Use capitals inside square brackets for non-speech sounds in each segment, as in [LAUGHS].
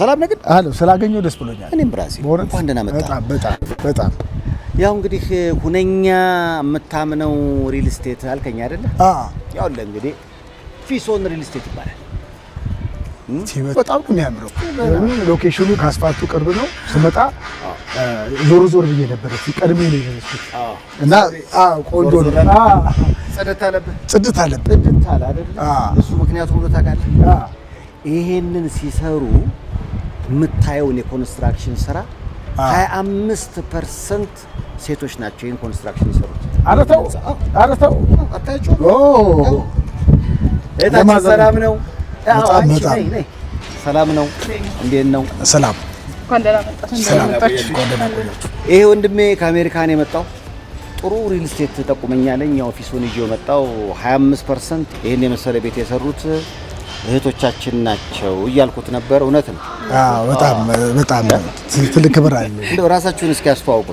ሰላም ነህ ግን? አለሁ። ደስ ብሎኛል። እኔም ራሴ እንኳን ደህና መጣ። በጣም በጣም በጣም ያው እንግዲህ ሁነኛ የምታምነው ሪል ስቴት አልከኝ አይደለ? ያው እንግዲህ ፊሶን ሪል ስቴት ይባላል። በጣም ነው የሚያምረው። ሎኬሽኑ ከአስፋልቱ ቅርብ ነው። ስመጣ ዞር ዞር ብዬ ነበረ ቀድሜ ነው የደረስኩት እና ቆንጆ ነው። ጽድት አለብህ፣ ጽድት አለብህ፣ ጽድት አለ አይደለ? እሱ ምክንያቱም ታውቃለህ፣ ይሄንን ሲሰሩ የምታየውን የኮንስትራክሽን ስራ 25 ፐርሰንት ሴቶች ናቸው። ይህን ኮንስትራክሽን የሰሩት አረተው አረተው አታችሁ ሰላም ነው። ሰላም ነው። እንዴት ነው? ሰላም ይሄ ወንድሜ ከአሜሪካን የመጣው ጥሩ ሪል ስቴት ጠቁመኛለኝ። ኦፊሱን ይዤው መጣው። 25 ፐርሰንት ይህን የመሰለ ቤት የሰሩት እህቶቻችን ናቸው እያልኩት ነበር። እውነት ነው። በጣም ትልቅ ክብር አለ። እንደው ራሳችሁን እስኪ ያስተዋውቁ።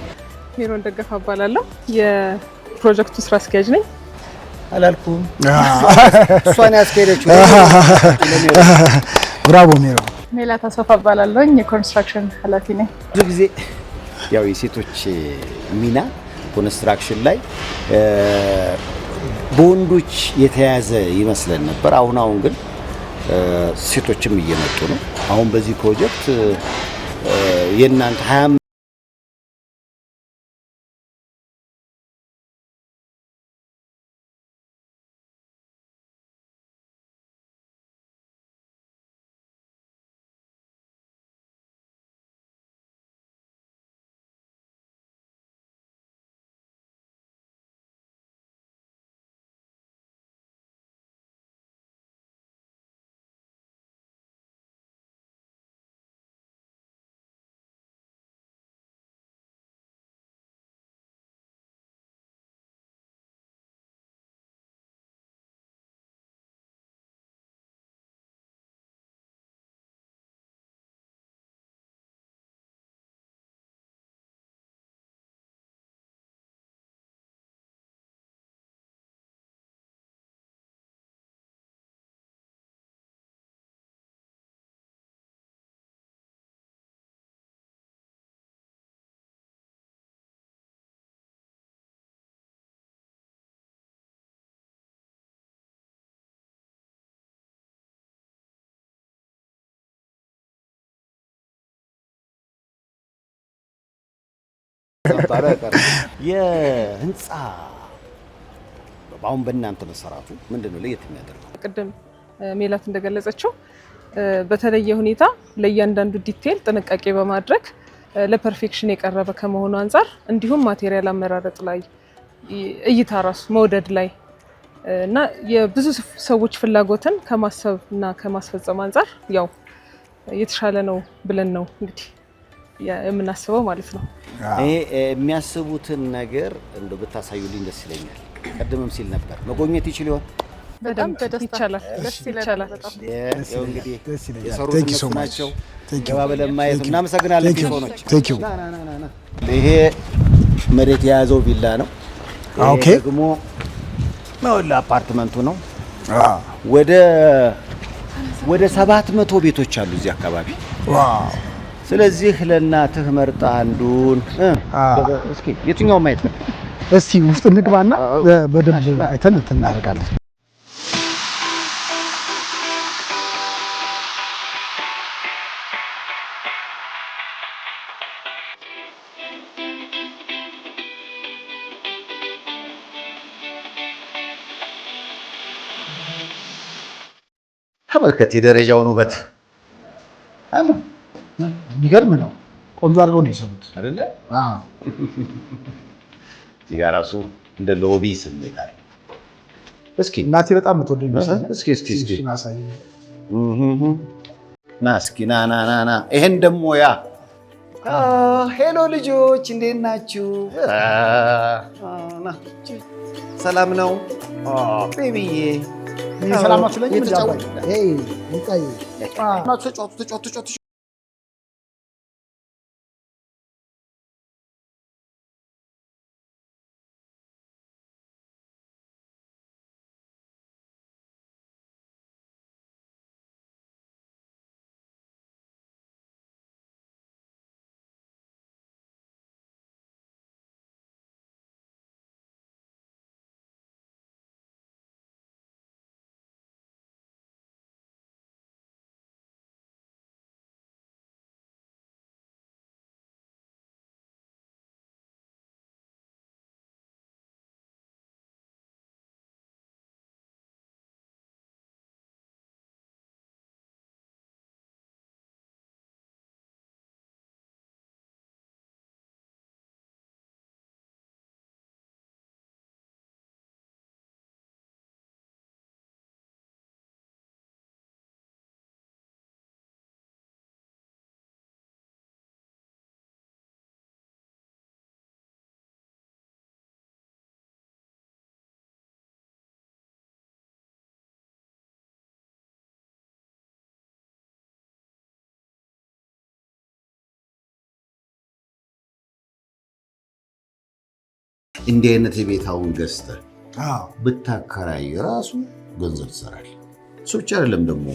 ሚሮን ደገፋ እባላለሁ። የፕሮጀክቱ ስራ አስኪያጅ ነኝ። አላልኩም? እሷን ያስኬደችው ብራቦ ሚሮ። ሜላ አስፋፋ እባላለሁኝ። የኮንስትራክሽን ኃላፊ ነኝ። ብዙ ጊዜ ያው የሴቶች ሚና ኮንስትራክሽን ላይ በወንዶች የተያዘ ይመስለን ነበር። አሁን አሁን ግን ሴቶችም እየመጡ ነው። አሁን በዚህ ፕሮጀክት የእናንተ [LAUGHS] የህንፃ አሁን በእናንተ መሰራቱ ምንድን ነው ለየት የሚያደርገው? ቅድም ሜላት እንደገለጸችው በተለየ ሁኔታ ለእያንዳንዱ ዲቴል ጥንቃቄ በማድረግ ለፐርፌክሽን የቀረበ ከመሆኑ አንጻር እንዲሁም ማቴሪያል አመራረጥ ላይ እይታ ራሱ መውደድ ላይ እና የብዙ ሰዎች ፍላጎትን ከማሰብ እና ከማስፈጸም አንጻር ያው የተሻለ ነው ብለን ነው እንግዲህ የምናስበው ማለት ነው። ይሄ የሚያስቡትን ነገር እንደ ብታሳዩልኝ ደስ ይለኛል። ቀድምም ሲል ነበር መጎብኘት ይችል ይሆን? እንግዲህ ይሄ መሬት የያዘው ቪላ ነው። ah, ደግሞ መወላ አፓርትመንቱ ነው። ah. ወደ ሰባት መቶ ቤቶች አሉ እዚህ አካባቢ ስለዚህ ለእናትህ መርጣ አንዱን እስኪ የትኛው ማየት እስቲ ውስጥ እንግባና በደንብ አይተን እናደርጋለን። ተመልከት የደረጃውን ውበት የሚገርም ነው። ቆንጆ አድርገው ነው የሰሩት አይደለ? እዚህ ጋር ራሱ እንደ ሎቢ ስሜት አለ። እስኪ እናቴ በጣም ምትወደ ይመስላል። ና እስኪ ና ና ና ና ይሄን ደግሞ ያ ሄሎ ልጆች እንዴት ናችሁ? ሰላም ነው ቤቢዬ። ሰላም ናችሁ? እንዲህ አይነት የቤት አሁን ገዝተህ ብታከራይ ራሱ ገንዘብ ትሰራል። እሱ ብቻ አይደለም ደግሞ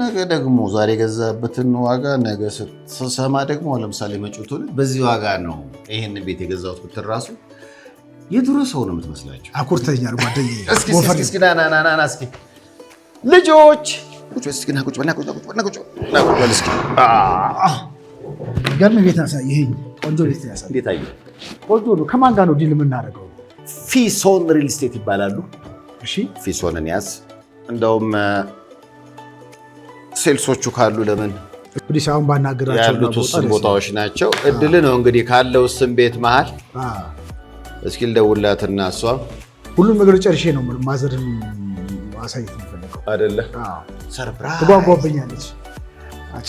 ነገ ደግሞ ዛሬ የገዛበትን ዋጋ ነገ ስትሰማ ደግሞ ለምሳሌ መጪው ትውልድ በዚህ ዋጋ ነው ይህን ቤት የገዛሁት ብትል ራሱ የድሮ ሰው ነው የምትመስላቸው። አኩርተኛል ጓደኛዬ። [LAUGHS] እስኪ ና ና ና እስኪ ልጆች ገርም ቤት ያሳየኸኝ ቆንጆ ቤት ያሳየኸኝ ቆንጆ ነው። ከማን ጋር ነው ዲል የምናደርገው? ፊሶን ሪል ስቴት ይባላሉ። እሺ ፊሶን ያዝ። እንደውም ሴልሶቹ ካሉ ለምን እንግዲህ አሁን ባናገራቸው ያሉት ውስን ቦታዎች ናቸው። እድል ነው እንግዲህ ካለው ውስን ቤት መሀል እስኪ እና እሷ ሁሉም ነገር ጨርሼ ነው ማዘርን ማሳየት የምፈልገው አይደለ? ሰርፕራይዝ ተጓጓብኛለች።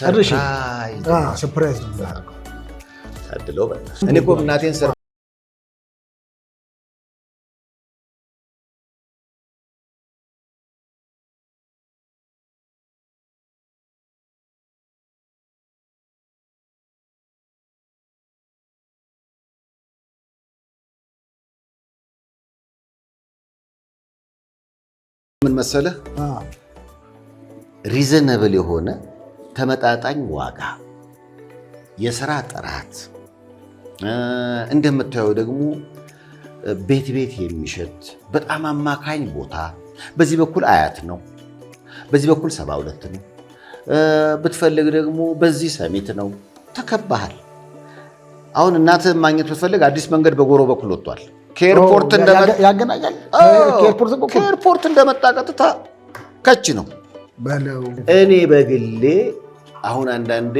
ሰርፕራይዝ ነው የምታድለው እኔ እኮ እናቴን ምን መሰለህ ሪዘነብል የሆነ ተመጣጣኝ ዋጋ፣ የስራ ጥራት እንደምታየው ደግሞ ቤት ቤት የሚሸት በጣም አማካኝ ቦታ። በዚህ በኩል አያት ነው፣ በዚህ በኩል ሰባ ሁለት ነው፣ ብትፈልግ ደግሞ በዚህ ሰሜት ነው። ተከባሃል። አሁን እናትህን ማግኘት ብትፈልግ አዲስ መንገድ በጎሮ በኩል ወጥቷል። ከኤርፖርት ከኤርፖርት እንደመጣ ቀጥታ ከች ነው። እኔ በግሌ አሁን አንዳንዴ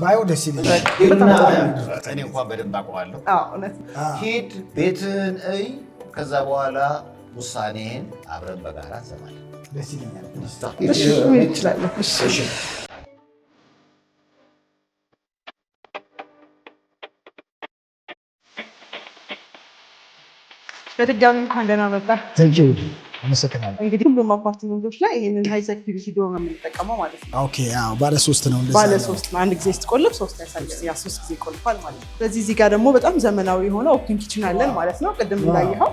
ባየው ደስ ይለኛል። እኔ እንኳን በደንብ አውቀዋለሁ። ሂድ ቤትን እይ። ከዛ በኋላ ውሳኔህን አብረን በጋራ እንሰማለን። በድጋሚ እንኳን ደህና መጣህ። አመሰግናለሁ። እንግዲህ ሁሉም አፓርትመንቶች ላይ ይህንን ሀይ ዶር ነው የምንጠቀመው ማለት ነው። ኦኬ አዎ፣ ባለ ሶስት ነው። ባለ ሶስት አንድ ጊዜ ስትቆልፍ ሶስት ያ ሶስት ጊዜ ይቆልፋል ማለት ነው። ስለዚህ እዚህ ጋር ደግሞ በጣም ዘመናዊ የሆነ ኦፕን ኪችን አለን ማለት ነው። ቅድም እንዳየኸው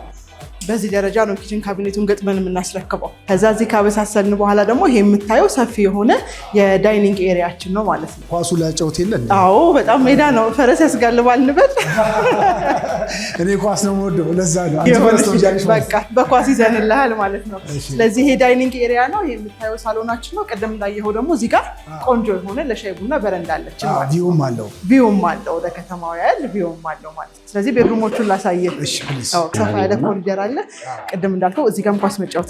በዚህ ደረጃ ነው ኪችን ካቢኔቱን ገጥመን የምናስረክበው። ከዛ እዚህ ካበሳሰልን በኋላ ደግሞ ይሄ የምታየው ሰፊ የሆነ የዳይኒንግ ኤሪያችን ነው ማለት ነው። ኳሱ ለጨውት የለን? አዎ በጣም ሜዳ ነው። ፈረስ ያስጋልባል ንበል። [LAUGHS] እኔ ኳስ ነው የምወደው፣ ለዛ ነው በቃ በኳስ ይዘንልሃል ማለት ነው። ስለዚህ ይሄ ዳይኒንግ ኤሪያ ነው። ይሄ የምታየው ሳሎናችን ነው። ቅድም እንዳየኸው ደግሞ እዚህ ጋር ቆንጆ የሆነ ለሻይ ቡና በረንዳ አለች። ቪውም አለው ቪውም አለው ለከተማው ያህል ቪውም አለው ማለት ነው። ስለዚህ ቤድሩሞቹን ላሳየ፣ ሰፋ ያለ ኮሪደር አለ አይደለ? ቅድም እንዳልከው እዚህ ጋርም ኳስ መጫወት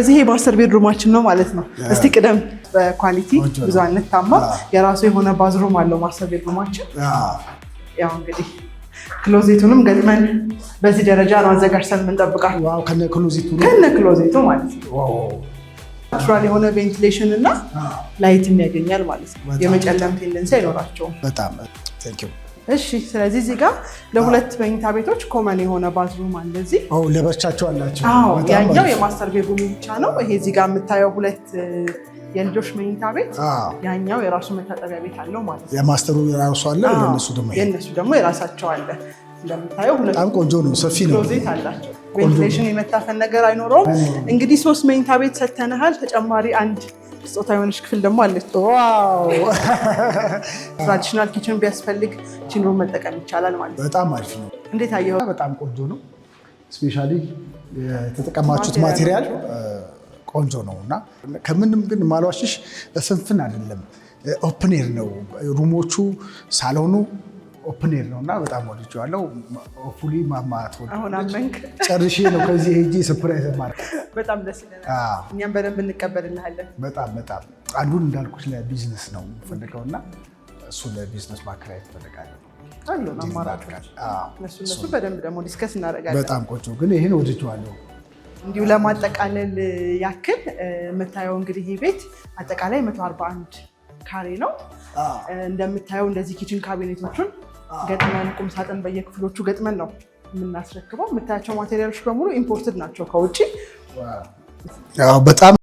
እዚህ ማስተር ቤድሩማችን ነው ማለት ነው። እስቲ ቅደም በኳሊቲ ብዙ አንታማ። የራሱ የሆነ ባዝሩም አለው ማስተር ቤድሩማችን። ያው እንግዲህ ክሎዜቱንም ገጥመን በዚህ ደረጃ ነው አዘጋጅተን የምንጠብቃል። ከነ ክሎዜቱ ማለት ነው። ናቹራል የሆነ ቬንቲሌሽን እና ላይትም ያገኛል ማለት ነው። የመጨለም ቴንደንሲ አይኖራቸውም በጣም እሺ ስለዚህ እዚህ ጋር ለሁለት መኝታ ቤቶች ኮመን የሆነ ባዝሩም አለ። እዚህ ለብቻቸው አላቸው። ያኛው የማስተር ቤድሩም ብቻ ነው። ይሄ እዚህ ጋር የምታየው ሁለት የልጆች መኝታ ቤት፣ ያኛው የራሱ መታጠቢያ ቤት አለው ማለት ነው። የማስተሩ የራሱ አለ፣ የእነሱ ደግሞ የነሱ ደግሞ የራሳቸው አለ። እንደምታየው በጣም ቆንጆ ነው። ሰፊ ነው። ዜት አላቸው። ቬንቲሌሽን የመታፈን ነገር አይኖረውም። እንግዲህ ሶስት መኝታ ቤት ሰተንሃል። ተጨማሪ አንድ ስጦታ የሆነች ክፍል ደግሞ አለች። [LAUGHS] ትራዲሽናል ኪችን ቢያስፈልግ ቺንሩ መጠቀም ይቻላል ማለት ነው። በጣም አሪፍ ነው። እንዴት አየኸው? በጣም ቆንጆ ነው። ስፔሻሊ የተጠቀማችሁት ማቴሪያል ቆንጆ ነው እና ከምንም ግን ማሏሽሽ ስንፍን አይደለም። ኦፕኔር ነው ሩሞቹ፣ ሳሎኑ ኦፕኔር ነው እና በጣም ወድጀዋለሁ። ፉሊ ማማት ጨርሼ ነው ከዚህ ሄጄ ስፕራይዝ ማርክ በጣም ደስ ይለናል። እኛም በደንብ እንቀበልናለን። በጣም በጣም አንዱን እንዳልኩሽ ለቢዝነስ ነው የምፈልገው እና እሱ ለቢዝነስ ማከራየት እፈልጋለሁ። እሱ በደንብ ደግሞ ዲስከስ እናደርጋለን። በጣም ቆጮ ግን ይህን ወድጀዋለሁ። እንዲሁ ለማጠቃለል ያክል የምታየው እንግዲህ ይህ ቤት አጠቃላይ 141 ካሬ ነው። እንደምታየው እንደዚህ ኪችን ካቢኔቶቹን ገጥመን ቁም ሳጥን በየክፍሎቹ ገጥመን ነው የምናስረክበው። የምታያቸው ማቴሪያሎች በሙሉ ኢምፖርትድ ናቸው ከውጭ። በጣም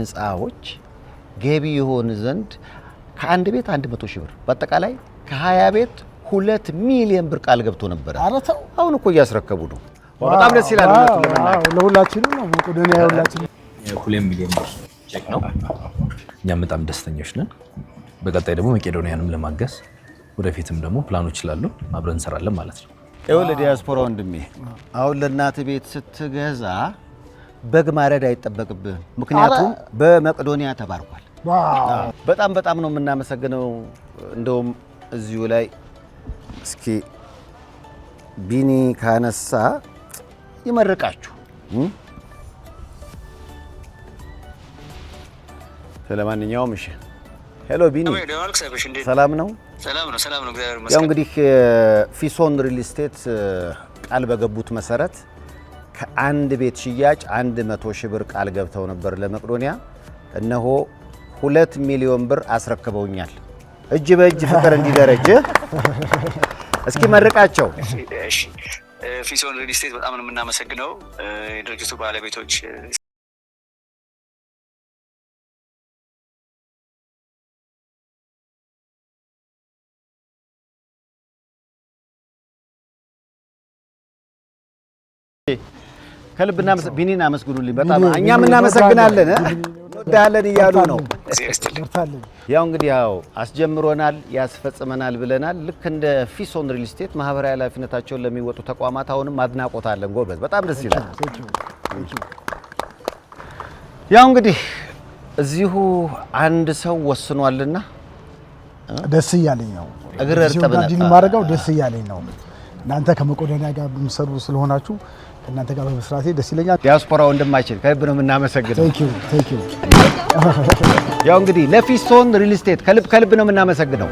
ህንፃዎች ገቢ የሆን ዘንድ ከአንድ ቤት አንድ መቶ ሺህ ብር በአጠቃላይ ከሀያ ቤት ሁለት ሚሊዮን ብር ቃል ገብቶ ነበረ። አሁን እኮ እያስረከቡ ነው። በጣም ደስ ይላል። ለሁላችንም ነው መቄዶንያ ሁላችንም ሁለት ሚሊዮን ብር ቼክ ነው። እኛም በጣም ደስተኞች ነን። በቀጣይ ደግሞ መቄዶንያንም ለማገዝ ወደፊትም ደግሞ ፕላኖች ስላሉ አብረን እንሰራለን ማለት ነው። ይኸውልህ ዲያስፖራ ወንድሜ አሁን ለእናት ቤት ስትገዛ በግ ማረድ አይጠበቅብህም፣ ምክንያቱም በመቅዶኒያ ተባርኳል። በጣም በጣም ነው የምናመሰግነው። እንደውም እዚሁ ላይ እስኪ ቢኒ ካነሳ ይመርቃችሁ። ስለማንኛውም እሺ፣ ሄሎ ቢኒ፣ ሰላም ነው? ያው እንግዲህ ፊሶን ሪል ስቴት ቃል በገቡት መሰረት ከአንድ ቤት ሽያጭ አንድ ሺህ ብር ቃል ገብተው ነበር ለመቅዶኒያ። እነሆ ሁለት ሚሊዮን ብር አስረክበውኛል። እጅ በእጅ ፍቅር እንዲደረጅ እስኪ መርቃቸው። ፊሶን ሪል ስቴት በጣም ነው የምናመሰግነው የድርጅቱ ባለቤቶች ከልብና ቢኒን አመስግኑልኝ። በጣም እኛም እናመሰግናለን፣ እንወዳለን እያሉ ነው። ያው እንግዲህ ያው አስጀምሮናል፣ ያስፈጽመናል ብለናል። ልክ እንደ ፊሶን ሪል ስቴት ማህበራዊ ኃላፊነታቸውን ለሚወጡ ተቋማት አሁንም አድናቆት አለን። ጎበዝ፣ በጣም ደስ ይላል። ያው እንግዲህ እዚሁ አንድ ሰው ወስኗልና ደስ እያለኝ ነው። እግር እርጥብ ነው ማድረገው ደስ እያለኝ ነው። እናንተ ከመቆደኛ ጋር የምትሰሩ ስለሆናችሁ እናንተ ጋር በመስራቴ ደስ ይለኛል። ዲያስፖራ ወንድማችን ከልብ ነው የምናመሰግነው። ያው እንግዲህ ለፊስቶን ሪል ስቴት ከልብ ከልብ ነው የምናመሰግነው።